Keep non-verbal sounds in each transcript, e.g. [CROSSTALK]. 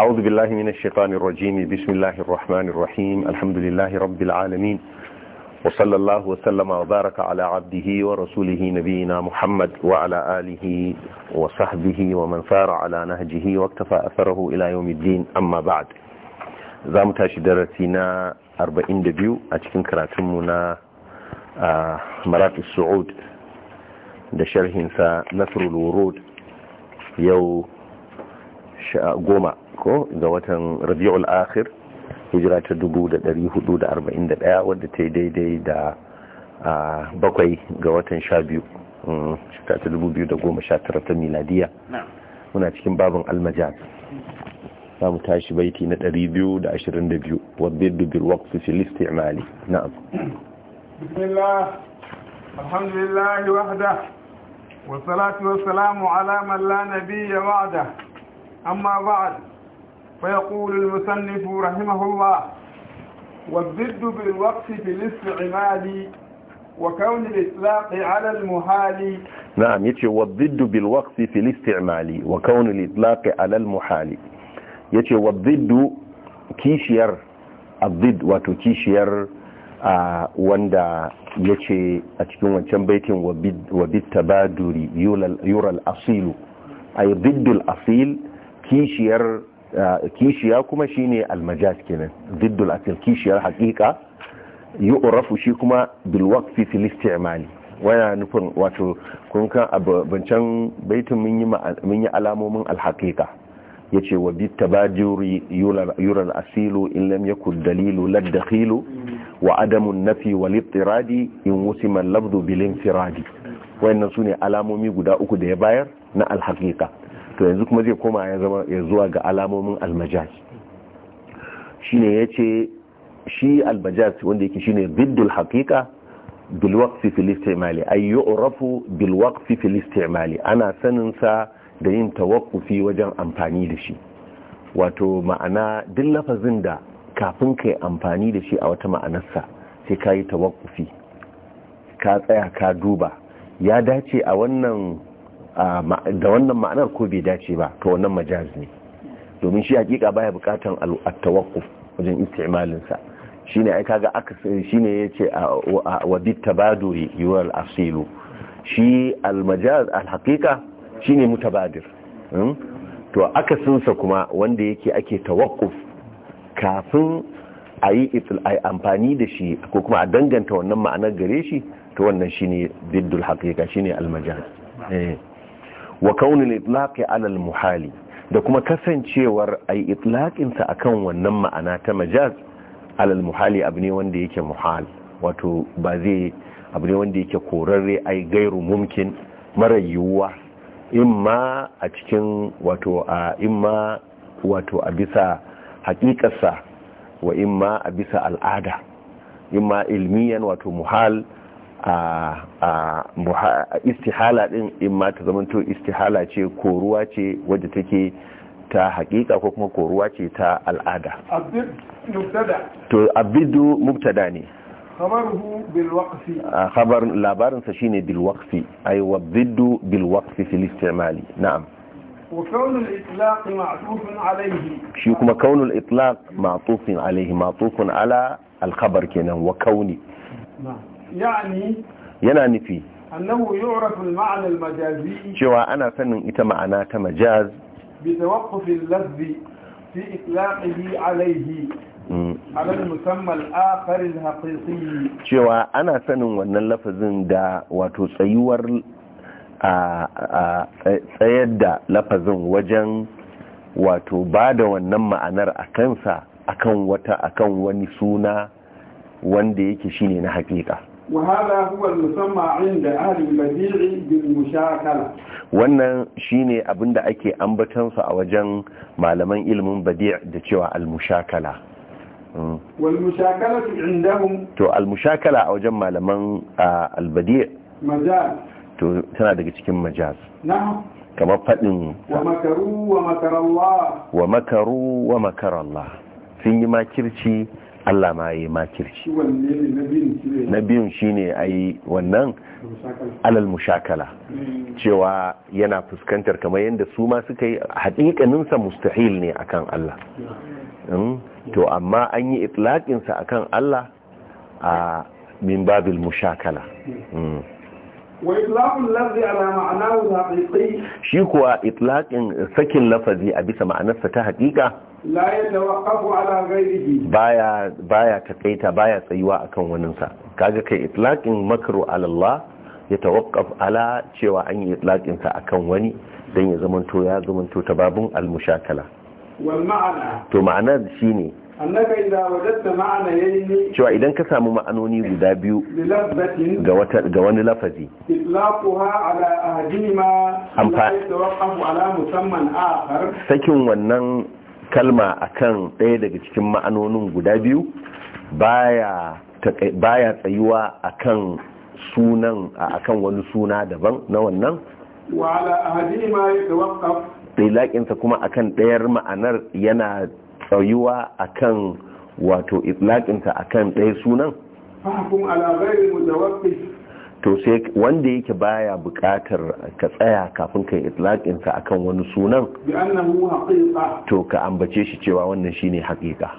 أعوذ بالله من الشيطان الرجيم بسم الله الرحمن الرحيم الحمد لله رب العالمين وصلى الله وسلم وبارك على عبده ورسوله نبينا محمد وعلى آله وصحبه ومن سار على نهجه واكتفى أثره إلى يوم الدين أما بعد زام تاشي درسينا دبيو أتكن كراتمنا آه، مرات السعود دشرهن sharhinsa الورود يو شاء قومة ko ga watan rabi'ul akhir hijira ta 1441 wadda ta yi daidai da bakwai ga watan sha biyu mm, shekara ta 2019 ta miladiya muna cikin babin almajaz za mu tashi baiti na 222 wadda dubir waqfi fil isti'mali na'am bismillah alhamdulillah wahda والصلاة والسلام على من لا نبي بعده أما بعد فيقول المصنف رحمه الله نعم، والضد بالوقف في الاستعمال وكون الإطلاق على المحال نعم يتشي والضد بالوقف في الاستعمال وكون الإطلاق على المحال يتشي والضد كيشير الضد وتكيشير كيشير واندا يتشي a cikin wancan baitin wabit الاصيل اي ضد الاصيل كيشير kishiya kuma shine almajas kenan diddul asil kishiyar hakika yu'rafu shi kuma bil waqfi fil isti'mali waya nufin wato kun kan abincin baitin mun yi mun yi alamomin alhaqiqa yace wa bit tabajuri yura asilu in lam yakun dalilu lad dakhilu wa adamu nafi wal ittiradi in wusima al bilin bil infiradi wayannan sune alamomi guda uku da ya bayar na alhaqiqa to yanzu kuma zai koma ya zama ya zuwa ga alamomin almajaz shine yace shi almajaz wanda yake shine biddul haqiqa bil waqfi fil istimali ay yu'rafu bil waqfi fil istimali ana sanin sa da yin tawaqqufi wajen amfani da shi wato ma'ana duk lafazin da kafin kai amfani da shi a wata ma'anarsa sai ka yi tawakkufi ka tsaya ka duba ya dace a wannan da wannan ma'anar ko bai dace ba to wannan majaz ne domin shi hakika baya bukatan al tawaqquf wajen istimalin sa shine ai kaga aka shine yace wa bit tabaduri yuwal asilu shi al-majaz al-haqiqa shine mutabadir hmm? to akasinsa kuma wanda yake ake tawakkuf kafin a yi amfani da shi ko kuma a danganta wannan ma'anar gare shi to wannan shine diddul haqiqa shine al-majaz eh wa kaunin itlaƙi alal muhali da kuma kasancewar a yi itlaƙinsa a kan wannan ma'ana ta majaz alal muhali abu ne wanda yake muhal wato ba zai abu ne wanda yake korarre ai gairu mumkin mara yiwuwa imma a cikin wato a imma wato a bisa haƙiƙarsa wa imma a bisa al'ada imma ilmiyan wato muhal a istihala din in ma ta zamanto istihala ce koruwa ce wadda take ta hakika ko kuma koruwa ce ta al'ada to abidu mubtada ne khabar labarinsa shine bil waqfi ay wa biddu bil waqfi fil istimali na'am وكون الإطلاق معطوف عليه شو كما كون الإطلاق معطوف عليه معطوف على الخبر كنا وكوني نعم yana nufi annahu majazi cewa ana sanin ita ma'ana ta majaz cewa ana sanin wannan lafazin da wato tsayuwar a tsayar da lafazin wajen wato ba da wannan ma'anar a kansa akan wata akan wani suna wanda yake shine na haƙiƙa وهذا هو المسمى عند أهل البديع بالمشاكلة wannan shine abin da ake ambatansa a wajen malaman ilimin badi' da cewa al-mushakala wal mushakala indahum to al-mushakala a wajen malaman al-badi' majaz to tana daga cikin majaz na'am kamar fadin wa makaru wa makarallah wa makaru wa makarallah sun yi makirci Allah ma ya yi makirci na biyun ne a yi wannan alal mushakala cewa yana fuskantar kamar yadda su ma suka yi haƙiƙaninsa mustahil ne akan Allah hmm? to amma an yi itlaƙinsa akan Allah a min babil mushakala hmm. shi kuwa itlaƙin sakin lafazi a bisa ma'anarsa ta haƙiƙa la yatawaqqafu ala ghayrihi baya baya takaita baya tsayuwa akan waninsa kaga kai itlaqin makru ala Allah ya tawakkaf ala cewa an yi itlaqin sa akan wani dan ya zamanto ya zamanto tababun al-mushakala wal ma'ana to ma'ana shine annaka idza wajadta ma'anayn cewa idan ka samu ma'anoni guda biyu ga wata ga wani lafazi itlaquha ala ahdihima la yatawaqqafu ala musamman akhar sakin wannan kalma akan ɗaya daga cikin ma'anonin guda biyu baya tsayuwa akan sunan akan wani suna daban na wannan ɗailaƙinsa kuma akan ɗayar ma'anar yana tsayuwa akan wato a akan ɗaya sunan to sai wanda yake baya buƙatar ka tsaya kafin kai itlaqin sa akan wani sunan to ka ambace shi cewa wannan shine haqiqa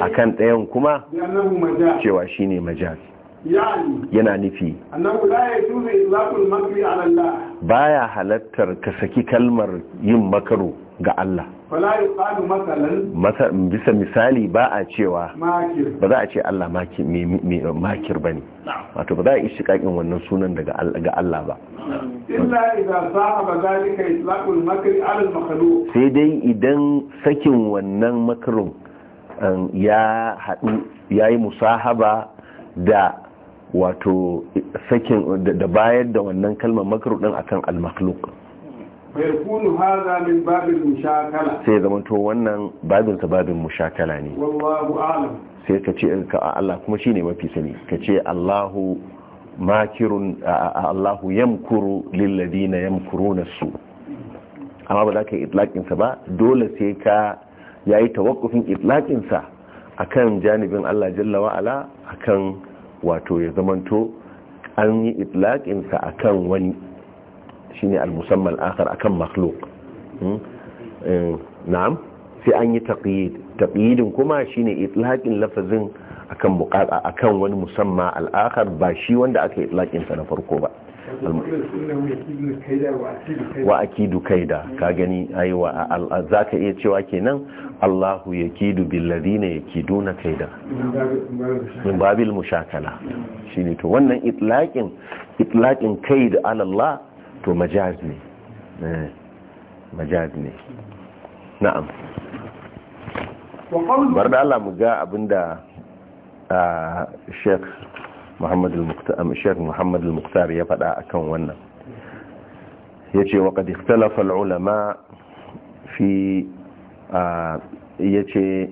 akan ɗayan kuma cewa shine majaz yana nufi baya halattar ka saki kalmar yin makaro ga Allah bisa misali ba a cewa ba za a ce Allah makir ba ne wato ba za a ishi kakin wannan sunan daga Allah ba sai dai idan sakin wannan makarin um, ya haɗu ya yi musahaba da wato sakin da bayar da wannan kalmar makaru ɗin akan al fayakunu hadha min sai zaman to wannan babin sa babin mushakala ne wallahu a'lam sai ka ce ka Allah kuma shine mafi sani ka ce Allahu makirun Allahu yamkuru lil ladina yamkuruna su amma ba za ka yi itlaqin ba dole sai ka yi tawakkufin itlaqin sa akan janibin Allah jalla wa'ala, ala akan wato ya zamanto an yi itlaqin sa akan wani ne al-musamman akhar akan makhluk hmm? eh, na'am sai an yi taqyid kuma shi ne itlaƙin lafazin akan buƙata akan wani musamma al akar ba shi wanda aka itlaqin na farko ba wa akidu kaida ka gani aiwa zaka iya cewa kenan Allahu ya yakidu bil ladina na kaida min babil mushakala ne to wannan itlaƙin kai da to majaz ne eh, majaz ne na'am bar da Allah mu ga abinda Sheikh Muhammad al-Muqtar Sheikh Muhammad al-Muqtar ya faɗa akan wannan yace wa qad ikhtalafa al-ulama fi yace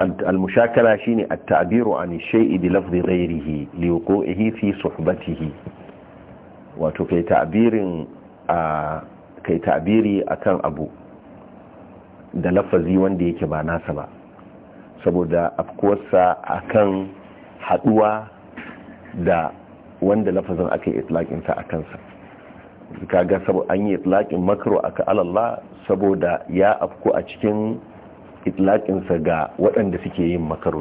al-mushakala shine at-ta'biru an shay'i bi lafzi ghayrihi li fi suhbatihi wato kai ta'birin a kai ta'biri akan abu da lafazi wanda yake ba nasa ba saboda afkuwarsa akan haduwa da wanda lafazin aka yi itlaƙinsa a kansa kaga saboda an yi itlaƙin makaro aka alallah saboda ya afku a cikin itlaƙinsa ga waɗanda suke yin makaro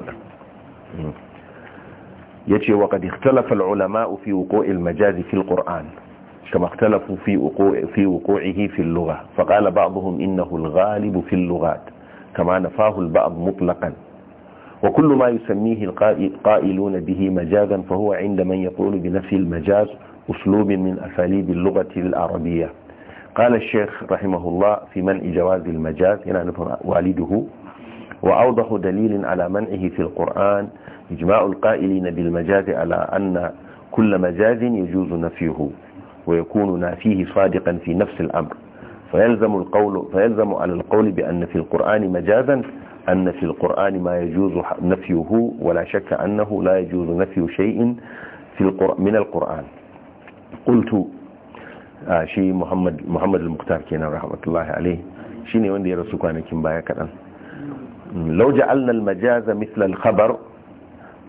يجي وقد اختلف العلماء في وقوع المجاز في القرآن كما اختلفوا في, وقوع في وقوعه في اللغة فقال بعضهم إنه الغالب في اللغات كما نفاه البعض مطلقا وكل ما يسميه القائلون به مجازا فهو عند من يقول بنفي المجاز أسلوب من أساليب اللغة العربية قال الشيخ رحمه الله في منع جواز المجاز إلى يعني والده وأوضح دليل على منعه في القرآن إجماع القائلين بالمجاز على أن كل مجاز يجوز نفيه ويكون نافيه صادقا في نفس الأمر فيلزم, القول فيلزم على القول بأن في القرآن مجازا أن في القرآن ما يجوز نفيه ولا شك أنه لا يجوز نفي شيء في القرآن من القرآن قلت آه، شي محمد محمد المختار كينا رحمة الله عليه شيني وندي رسوكوانا كم كدن لو جعلنا المجاز مثل الخبر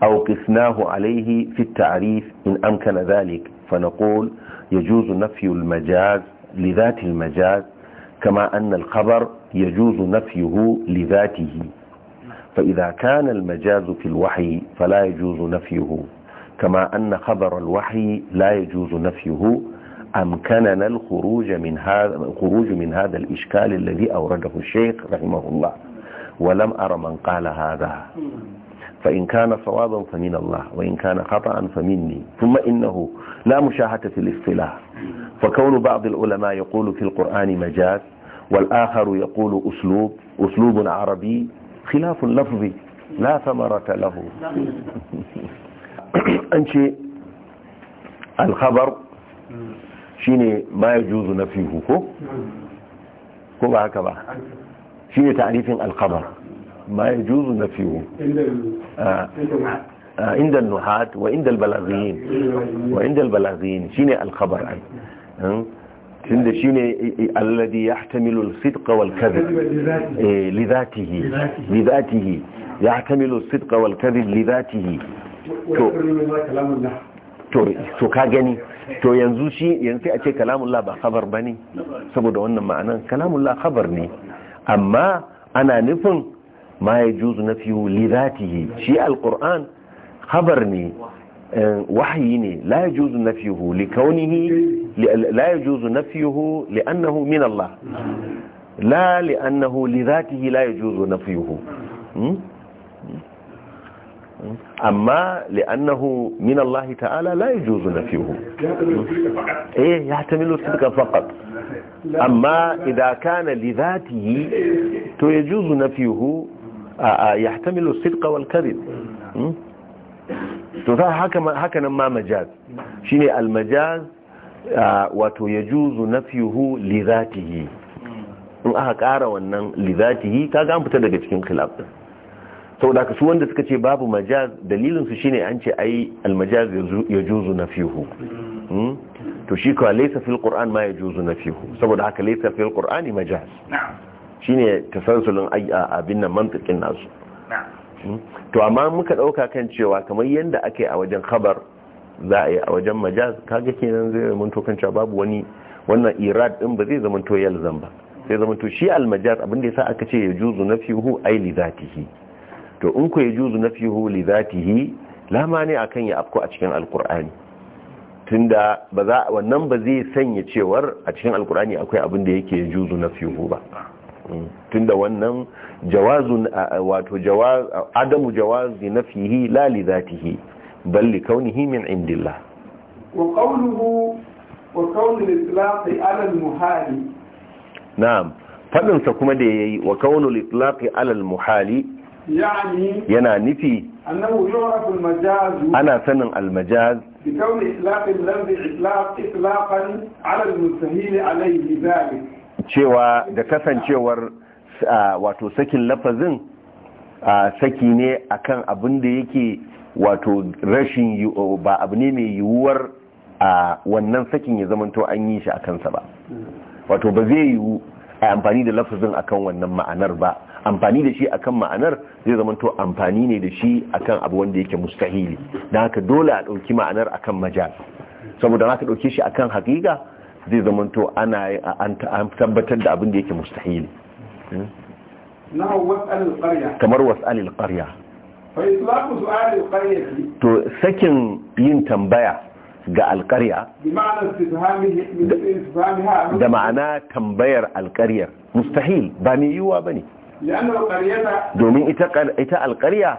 أو قسناه عليه في التعريف إن أمكن ذلك فنقول يجوز نفي المجاز لذات المجاز كما أن الخبر يجوز نفيه لذاته فإذا كان المجاز في الوحي فلا يجوز نفيه كما أن خبر الوحي لا يجوز نفيه أمكننا الخروج من هذا, الخروج من هذا الإشكال الذي أورده الشيخ رحمه الله ولم أرى من قال هذا فإن كان صوابا فمن الله وإن كان خطأ فمني ثم إنه لا مشاهدة في الاصطلاح فكون بعض العلماء يقول في القرآن مجاز والآخر يقول أسلوب أسلوب عربي خلاف لفظي لا ثمرة له أنشي الخبر شيني ما يجوز نفيه كو كو هكذا shine ta'rifin al-khabar ma yajuzu nafiyu ah, ah, inda al-nuhat wa inda al-balaghiyin wa inda al-balaghiyin shine al-khabar ai hmm? tunda shine alladhi yahtamilu al-sidq eh, wal-kadhib li dhatihi li dhatihi yahtamilu al-sidq wal-kadhib li dhatihi to to ka gani to yanzu shi ba bane wannan ma'anan ne amma ana nufin ma ya juzu na fiye liratihi shi alkur'an habar ne wahayi ne la ya juzu na fiye likaunihi la ya juzu na fiye li'annahu min Allah la li'annahu liratihi la ya juzu na fiye amma li'annahu min Allah ta'ala la yajuzu nafihu eh tamilu sidqa faqat amma idha kana li dhatihi to yajuzu nafihu yahtamilu sidqa wal kadhib hmm? to fa haka haka nan ma majaz shine al majaz wato yajuzu nafihu li dhatihi in aka kara wannan li dhatihi kaga an fita daga cikin khilaf din saboda ka su wanda suka ce babu majaz dalilin su shine an ce ai almajaz ya na fihu to shi ka laisa fil qur'an ma na fihu saboda haka laisa fil qur'ani majaz shine a abin nan mantiqin nasu hmm? to amma muka dauka kan cewa kamar yanda akai a wajen khabar za a yi a wajen majaz kaga kenan zai to kan cewa babu wani wannan irad din ba zai to yalzan ba sai to shi almajaz abin da yasa aka ce ya na fihu ai li zatihi to in ku yajuzu nafihu li zatihi lama ne akan ya afko a cikin alqur'ani tunda ba za wannan ba zai sanya cewar a cikin alqur'ani akwai abin da yake yajuzu nafihu ba mm. tunda wannan jawazu wato jawaz adamu li nafihi la li zatihi bal li kaunihi min indillah wa qawluhu wa qawlu al-itlaqi ala al-muhali na'am fadinsa kuma da yayi wa kaunu al-itlaqi ala al-muhali yana nufi ana sanin almajaz cewa da kasancewar wato sakin lafazin saki ne akan abin da yake wato rashin ba abu ne mai yiwuwar a wannan sakin ya zamanto an yi shi a kansa ba hmm. wato ba zai yiwu a amfani da lafazin akan wannan ma'anar ba amfani da shi akan ma'anar zai zama to amfani ne da shi akan abu wanda yake mustahili dan haka dole a ɗauki ma'anar akan majal saboda haka ɗauke shi akan haƙiƙa zai zama to ana an tabbatar da abin da yake mustahili hmm? kamar was'alil ƙarya to sakin yin tambaya ga alƙarya da ma'ana tambayar alƙaryar mustahil ba mai yiwuwa ba ne domin ita alƙarya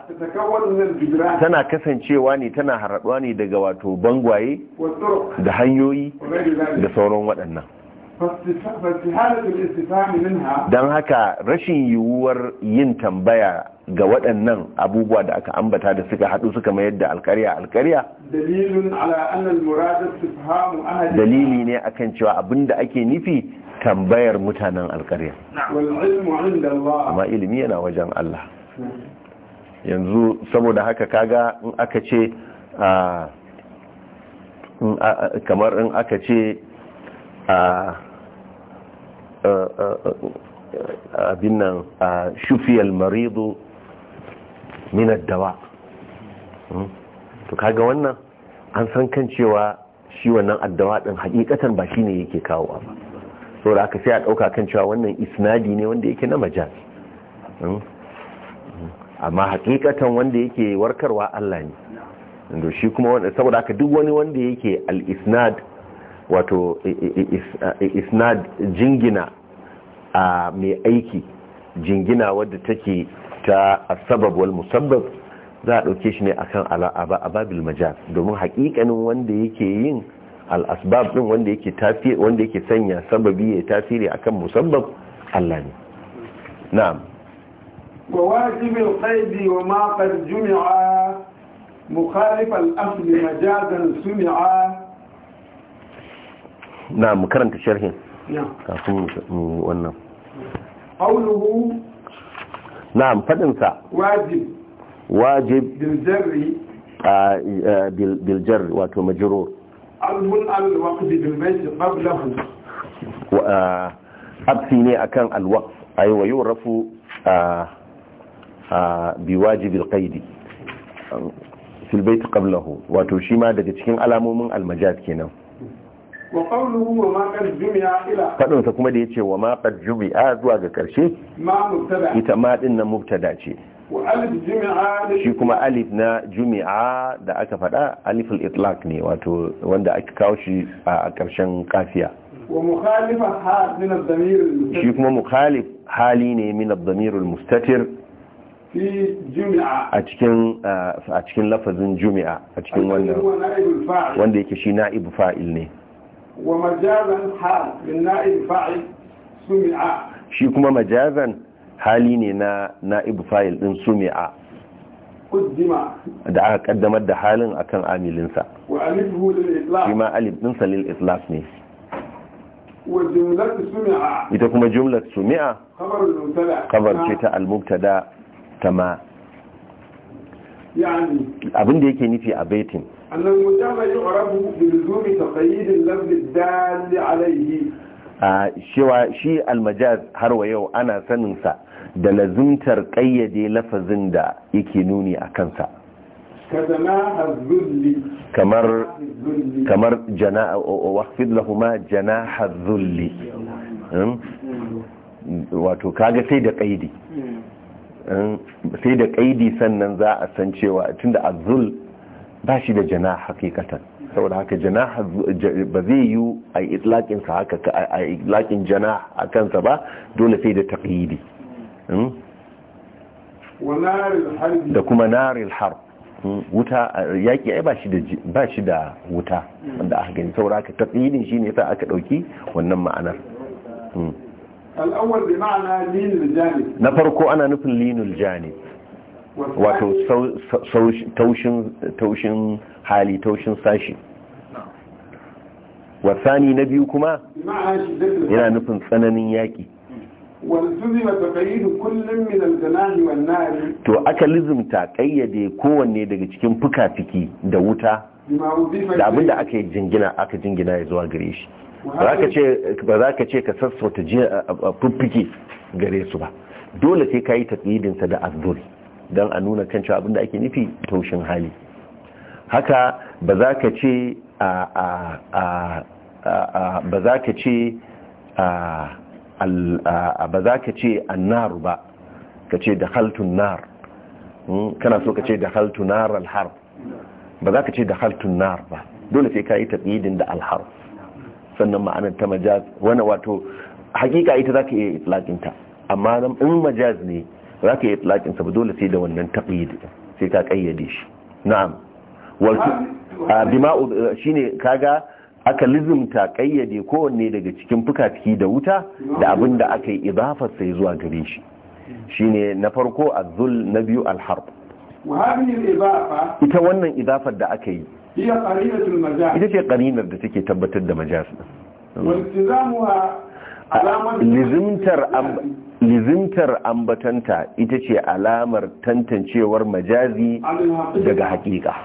tana kasancewa ne tana haraɗuwa ne daga wato bangwaye da hanyoyi da sauran waɗannan don haka rashin yiwuwar yin tambaya ga waɗannan abubuwa da aka ambata da suka haɗu suka mayar da alƙarya alƙarya dalili ne akan cewa abinda ake nufi tambayar mutanen alkariya amma ilimi yana wajen Allah yanzu saboda haka kaga in aka ce kamar in aka ce abin nan shufiyar maridu minar dawa hmm? to kaga wannan an san kan cewa shi wannan addawa din hakikatan ba ne yake kawo ba saboda aka sai a ɗauka kan cewa wannan isnadi ne wanda yake na majaz hmm? amma hakikatan wanda yake warkarwa Allah ne inda shi kuma wanda saboda aka duk wani wanda yake al-isnad wato isnad jingina a mai aiki jingina wadda take ta sabab wal musabbab za a ɗauke shi ne akan ala ababil majaz domin hakikanin wanda yake yin al'asbab ɗin wanda yake tafi wanda yake sanya sababi ya tasiri akan musabbab Allah ne na'am wa wajibul qaidi wa ma qad jumi'a mukhalif al-asl majazan sumi'a na'am karanta sharhin kafin wannan qawluhu na'am fadin sa wajib wajib Biljarri. jarri wato majrur abun ne a kan ne akan alwaqf ay wa yurafu uh, uh, bi wajibi alqaidi um, qablahu wato shi ma daga cikin alamomin almajaz kenan wa qawluhu wa ma qad jumi'a ila kuma da ya ce wa ma qad jumi'a zuwa ga ƙarshe? ma mubtada ita maɗin na mubtada ce shi kuma alif na jumi'a da aka faɗa aliful itlaq ne wato wanda aka kawo shi a ƙarshen kafiya shi kuma mukhalif hali ne min ad-damirul mustatir a cikin lafazin jumi'a a cikin wannan wanda yake shi na'ib fa'il ne wa majazan hal min na'ib fa'il sumi'a shi kuma majazan hali ne na na'ibu Fayil din sumi'a da aka kaddamar da halin akan amilinsa shi ma alif ɗinsa lil islas ne ita kuma jumlar sumi'a kabar ce ta almuktada ta ma abin da yake nufi a baitin a shewa shi almajaz har wa yau ana saninsa da lazimtar ƙayyade lafazin da yake nuni a kansa kamar kamar jana'a waqfid lahuma jana'a dhulli hmm? wato kaga sai da kaidi hmm? sai da kaidi sannan za a san cewa tunda azul ba shi da jana hakikatan saboda haka jana ba zai yi a itlaƙinsa haka a itlaƙin jana a kansa ba dole sai da taqidi Hmm? da kuma naril har hmm? wuta yaƙi ai ba shi da wuta wanda aka gani saura ka tafiyinin shi ne yasa aka ɗauki wannan ma'anar hmm. na farko ana nufin linul janib wato taushin hali taushin sashi wasani na biyu kuma yana nufin tsananin yaki والتزم تقييد كل من الجناح والنار تو aka lizumta kayyade kowanne daga cikin fuka-fiki da wuta da abin da aka jingina aka jingina ya zuwa gare shi ba za ka ce ka sassauta fuffike gare su ba dole sai ka yi taƙidinsa da azduri don a nuna kan cewa abin ake nufi taushin hali haka ba za ka ce ba za ka ce ba za ka ce annar ba ka ce da haltun nar hmm? kana so ka ce da haltun nar alhar ba za ka ce da haltun nar ba dole sai ka yi taɓidin da alhar sannan ma'anar ta majaz wani wato hakika ita za ka iya itlaƙinta amma in majaz ne za ka iya itlaƙinsa ba dole sai da wannan taɓidin sai ka ƙayyade shi na'am wato shi ne kaga aka lizimta kayyade kowanne daga cikin fuka da wuta da abin da aka yi idafar sai zuwa gare shi shine na farko azul na biyu alharb ita wannan idafar da aka yi ita ce karinar da take tabbatar da majas lizimtar ambatanta ita ce alamar tantancewar majazi daga hakika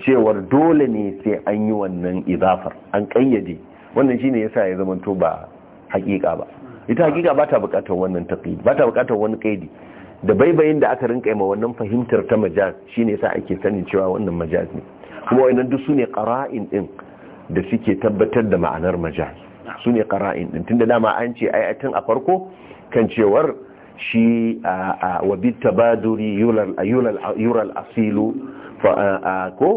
cewar dole ne sai an yi wannan izafar an kayyade wannan shine yasa ya zama to ba hakika ba ita hakika ba ta bukatar wannan taqid ba ta bukatar wani kaidi da baibayin da aka rinka ma wannan fahimtar ta majaz shine yasa ake sanin cewa wannan majaz ne kuma wannan duk sune qara'in din da suke tabbatar da ma'anar majaz sune qara'in din tunda dama an ce ai tun a farko kan cewar shi a wabi tabaduri yural asilu ko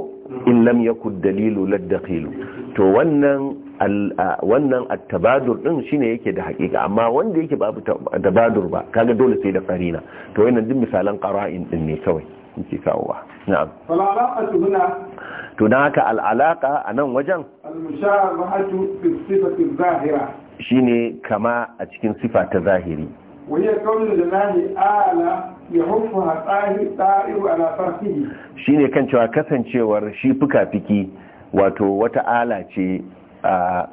in lam ku dalilu laddakilu to wannan a tabadur din shine yake da hakika amma wanda yake babu tabadur ba kaga dole sai da karina to wannan duk misalan qara'in din ne kawai yake kawowa na'am falala'atu huna to dan haka al a nan wajen al-mushabahatu bi sifati zahira shine kama a cikin sifa ta zahiri وهي قول الله أعلى yahuffa tsahi tsa'iru ala farsihi shine kan cewa kasancewar shi fuka-fiki wato wata ala ce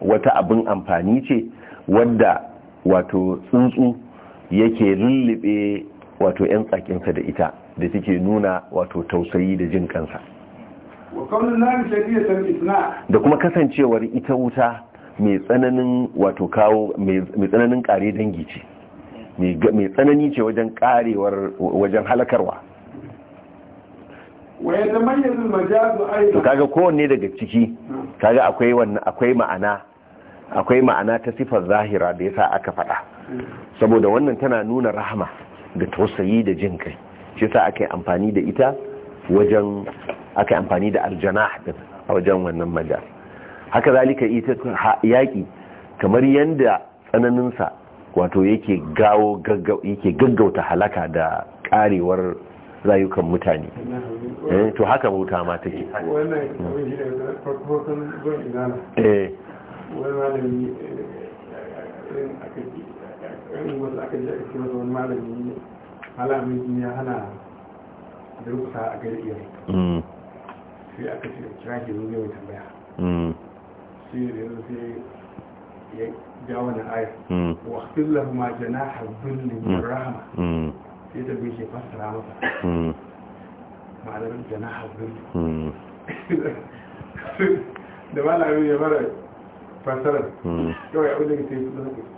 wata abin amfani ce wadda wato tsuntsu yake lullube wato 'yan tsakinsa da ita da suke nuna wato tausayi da jin kansa da kuma kasancewar ita wuta mai tsananin wato kawo mai tsananin kare dangi ce mai tsanani ce wajen karewar wajen halakarwa to kaga kowanne daga ciki kaga akwai ma'ana akwai ma'ana ta sifar zahira da yasa aka faɗa saboda wannan tana nuna rahama da tausayi da jin kai shi sa aka yi amfani da ita wajen aka yi amfani da aljana a wajen wannan majal haka zalika ita yaƙi kamar yadda tsananinsa wato yake gawo yake gaggauta halaka da karewar rayukan mutane eh, to haka wuta ma take wannan في أول الآية واختر لهما جناح الذل من الرحمة sai da bai ke fassara masa ma'anar janaha zuri da malamin ya mara fassarar kawai abin da ke sai su zaɓe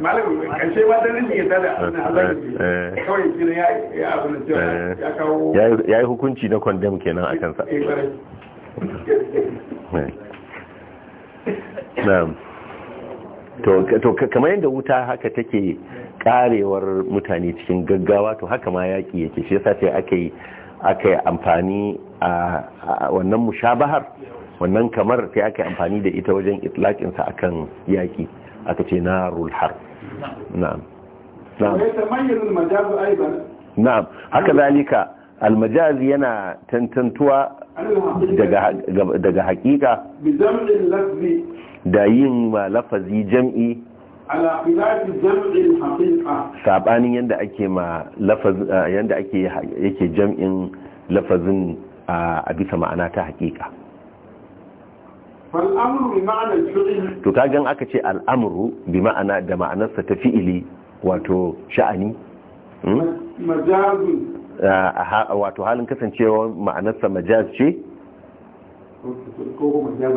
malawi eh, eh. Eh, kawai shi ne ya ya kawo ya yi hukunci na condemn kenan a kansa to kamar yadda wuta haka take karewar mutane cikin gaggawa to haka ma yaƙi yake shi yasa sai aka yi aka yi amfani a wannan mushabahar wannan kamar sai aka yi amfani da ita wajen itlaƙinsa akan yaƙi aka ce narul har na'am na'am Na'am, haka zalika almajaz yana tantantuwa daga hakika da yin ma lafazi jam'i sabanin yadda ake ma yadda ake yake jam'in lafazin a bisa ma'ana ta hakika to gan aka ce al'amuru bi ma'ana da ma'anarsa ta fi'ili wato sha'ani hmm? wato halin kasancewa ma'anarsa majaz ce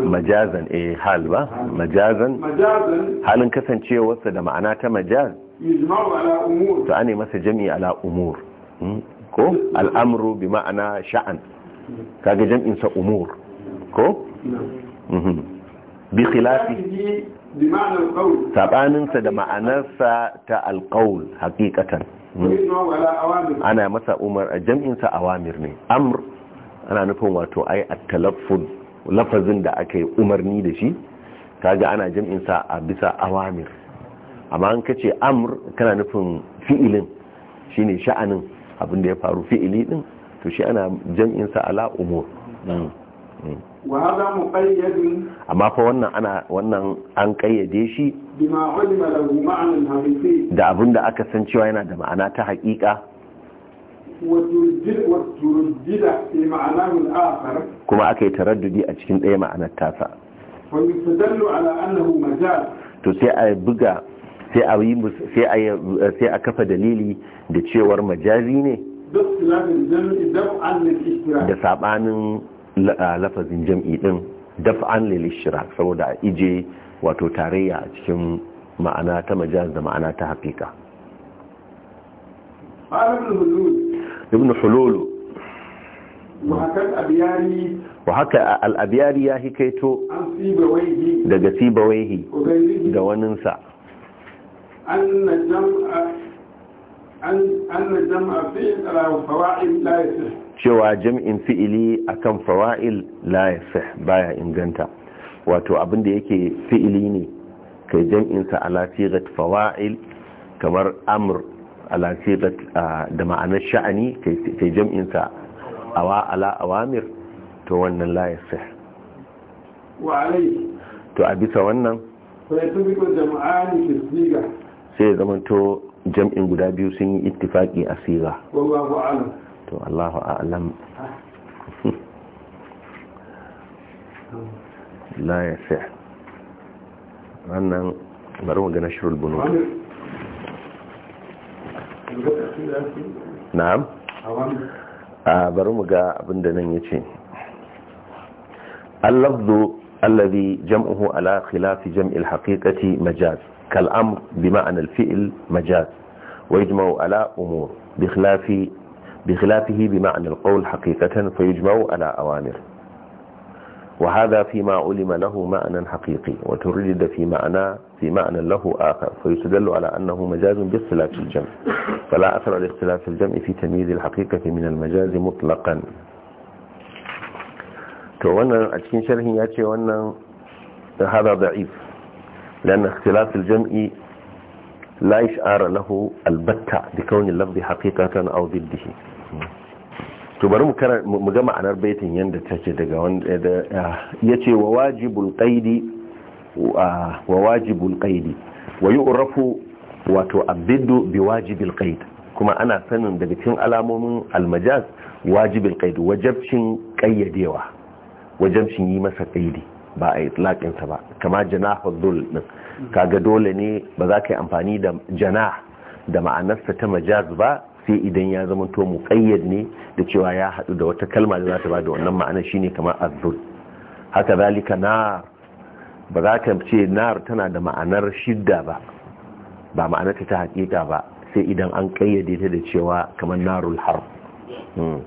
majazan eh hal ba majazan halin kasancewarsa da ma'ana ta majaz to ane masa jami ala umur hmm? ko al'amuru bi ma'ana sha'an kaga jam'insa umur ko Mhm. bi khilafi saɓaninsa da ma'anarsa ta alƙaul hakikatan mhm. ana masa umar a jam'insa awamir ne amr ana nufin wato ai a talaffun lafazin da aka umarni da shi kaga ana jam'insa a bisa awamir amma an kace amr kana nufin fi'ilin shine sha'anin abin da ya faru fi'ili din to shi ana jam'insa ala umur amma fa wannan ana wannan an kayyade shi da abin da aka san cewa yana da ma'ana ta haƙiƙa kuma aka yi taraddudi a cikin ɗaya ma'anar tasa to sai a buga sai a kafa dalili da cewar majazi ne da saɓanin lafazin jam'i din daf'an lil saboda a ije wato tarayya a cikin ma'ana ta majaz da ma'ana ta haƙiƙa ibn hululu wa haka al'abiyari ya hikaito daga sibawaihi da waninsa an na jam'a fi tsara fawa'in laifin cewa jam'in fi'ili a kan fawa'il la yasih baya inganta wato abin da yake fi'ili ne kai jam'insa a ala fawa'il kamar Amur a sigat da ma'anar sha'ani kai jam'insa a wa'ala awamir to wannan la ya wa alai to a bisa wannan sai jam'ani fi siga sai zamanto jam'in guda biyu sun yi ittifaqi a siga wallahu a'lam to Allahu a'lam la yasih wannan bari mu ga nashrul bunut na'am a bari mu ga abinda nan yace al-lafzu ala khilafi على خلاف جمع الحقيقة مجاز كالأمر بمعنى الفئل مجاز ويجمع على أمور بخلاف بخلافه بمعنى القول حقيقة فيجمع على أوامر وهذا فيما علم له معنى حقيقي وتردد في معنى في معنى له آخر فيستدل على أنه مجاز باختلاف الجمع فلا أثر لاختلاف الجمع في تمييز الحقيقة من المجاز مطلقا to wannan شرهي يأتي sharhin هذا ضعيف لأن اختلاف الجمع لا إشعار له البتة بكون اللفظ حقيقة أو ضده to bari mu ga ma'anar baitin yadda take daga wanda ya wa wajibul qaidi wa wajibul qaidi wato abiddu bi wajibil qaid kuma ana sanin da bikin alamomin almajaz wajibil qaid wajabcin qayyadewa wajabcin yi masa kaidi ba a itlaqin ba kama janahu dhul din kaga dole ne ba za ka yi amfani da jana da ma'anarsa ta majaz ba sai idan ya zama to kayyade ne da cewa ya haɗu da wata kalma da za ta ba da wannan ma'ana shine kamar azzul haka zalika nar ba za ka ce nar tana da ma'anar shidda ba ba ma'anarta ta haƙiƙa ba sai idan an kayyade ta da cewa kamar narul har hmm,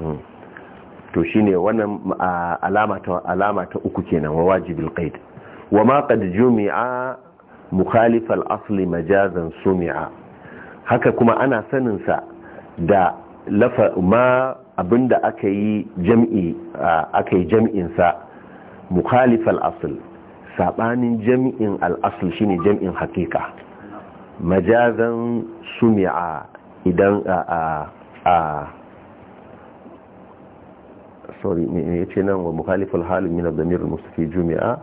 hmm. to shine wannan alama ta alama ta uku kenan wa qaid wa ma qad jumi'a mukhalif al-asli majazan sumi'a haka kuma ana sanin sa da lafa ma abinda aka yi jam'i aka yi jam'in sa mukhalif al-asl sabanin jam'in al-asl shine jam'in hakika majazan sumi'a idan a a sorry ne yace nan wa mukhalif al-hal min al damir al-mustafi jumi'a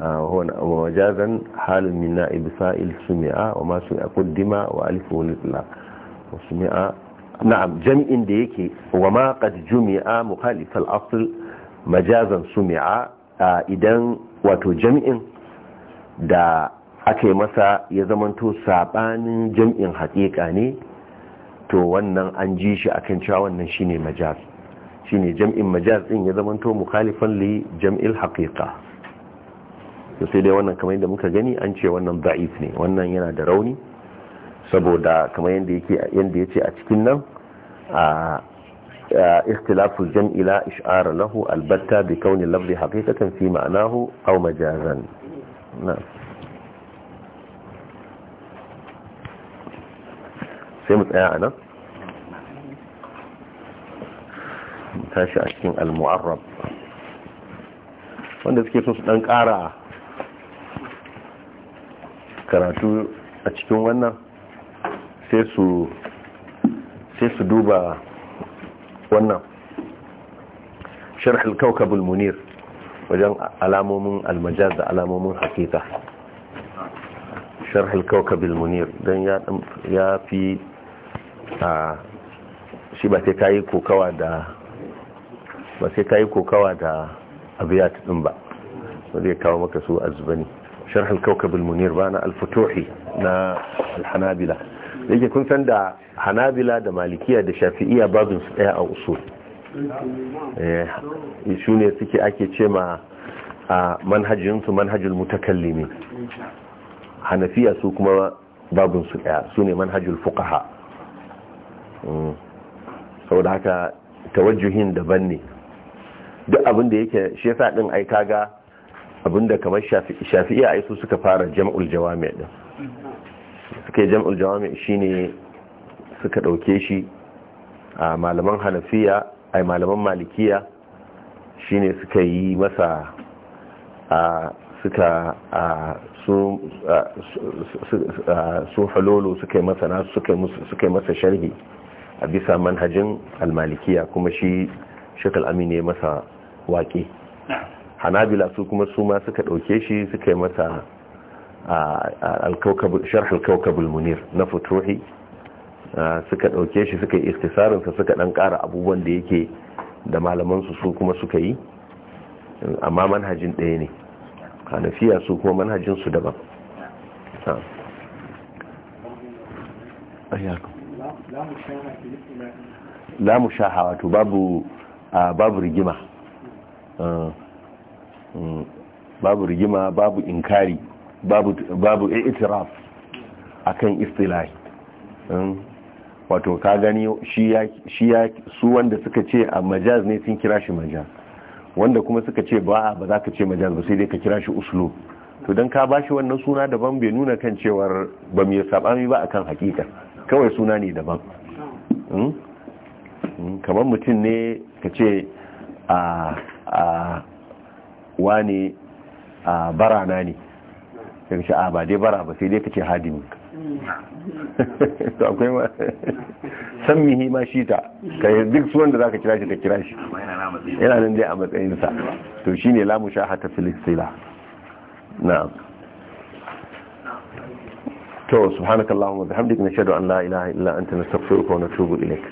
مجازا حال من نائب سائل سمع وما سمع قدم وألف والإطلاق وسمع نعم جمع ديكي وما قد جمع مخالف الأصل مجازا سمع إذن واتو جمع da aka masa ya zamanto sabanin jam'in haƙiƙa ne to wannan an ji shi akan cewa wannan shine majaz shine jam'in majaz ɗin ya zamanto mukhalifan li jam'il haƙiƙa. to sai dai wannan kamar yadda muka gani an ce wannan da'if ne wannan yana da rauni saboda kamar yadda yake yadda yace a cikin nan a ikhtilafu jam'i la ish'ara lahu albatta bi kauni lafzi haqiqatan fi ma'nahu aw majazan na sai mu tsaya a tashi a cikin al wanda suke so su dan kara karatu a cikin wannan sai su duba wannan sharh al munir wajen alamomin almajaz da alamomin hakika sharh al munir dan ya fi a shi ba sai kayi kokawa da ba sai kayi kokawa da abiyat din ba zai kawo maka su azbani sharh al-kawkab ba na al-futuhi na al-hanabila yake kun san da hanabila da malikiya da shafi'iya babin su daya a usul eh su ne ake ce ma a manhajin su manhajul mutakallimi hanafiya su kuma babin su daya su ne manhajul haka tawajjuhin daban ne duk abin da yake shi yasa din ai ga. abinda kamar shafii a su suka fara jam'ul jawami din suka yi jam'ul jawami shine suka dauke shi a malaman hanafiya a malaman malikiya shine suka yi masa a suka su halolo suka yi masa nasu suka yi masa sharhi a bisa manhajin almalikiya kuma shi shekul amini masa waƙe hanabila su kuma su ma suka ɗauke shi suka yi masa sharh alkaukabul munir na futuhi suka ɗauke shi suka yi istisarinsa suka ɗan ƙara abubuwan da yake da malamansu su kuma suka yi amma manhajin ɗaya ne hanafiya su kuma manhajinsu daban la mushaha wato babu rigima Mm. babu rigima babu inkari babu babu i'tiraf akan istilahi mm. wato ka gani shi ya su wanda suka ce a majaz ne sun kira shi majaz wanda kuma suka ce ba ba za ka ce majaz ba sai dai ka kira shi uslu to don ka bashi wannan suna daban bai nuna kan cewar ba mai sabami ba akan hakika kawai suna ne daban mm. kamar mutum ne ka ce a wani a barana ne ya ce a ba dai bara ba sai dai ka ce hadimi [LAUGHS] to akwai ma [LAUGHS] san mihi ma shi ta ka yi duk suwan da za ka kira shi ka kira shi yana nan dai a matsayinsa to shi ne lamu sha hata filistila na to subhanakallahumma bihamdika nashhadu an la ilaha illa anta nastaghfiruka wa natubu